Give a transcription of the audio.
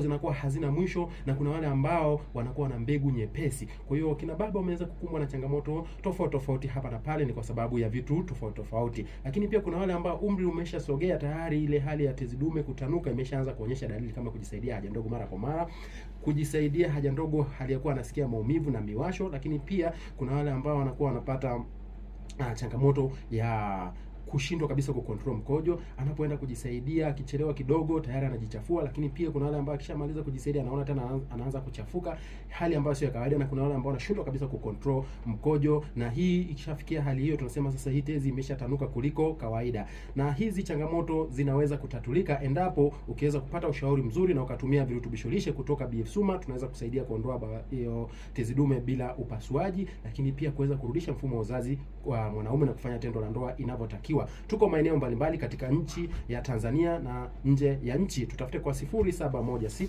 zinakuwa hazina mwisho na kuna wale ambao wanakuwa na mbegu nyepesi. Kwa hiyo kina baba wameweza kukumbwa na changamoto tofauti tofauti hapa na pale, ni kwa sababu ya vitu tofauti tofauti. Lakini pia kuna wale ambao umri umeshasogea tayari, ile hali ya tezi dume kutanuka imeshaanza kuonyesha dalili kama kujisaidia haja ndogo mara kwa mara, kujisaidia haja ndogo, kuwa anasikia maumivu na miwasho. Lakini pia kuna wale ambao wanakuwa wanapata ah, changamoto ya kushindwa kabisa kucontrol mkojo, anapoenda kujisaidia akichelewa kidogo tayari anajichafua. Lakini pia kuna wale ambao akishamaliza kujisaidia anaona tena anaanza kuchafuka, hali ambayo sio ya kawaida, na kuna wale ambao wanashindwa kabisa kucontrol mkojo, na hii ikishafikia hali hiyo, tunasema sasa hii tezi imeshatanuka kuliko kawaida, na hizi changamoto zinaweza kutatulika endapo ukiweza kupata ushauri mzuri na ukatumia virutubisho lishe kutoka BF Suma, tunaweza kusaidia kuondoa hiyo tezi dume bila upasuaji, lakini pia kuweza kurudisha mfumo wa uzazi wa mwanaume na kufanya tendo la ndoa inavyotakiwa kufikiwa. Tuko maeneo mbalimbali katika nchi ya Tanzania na nje ya nchi, tutafute kwa 0716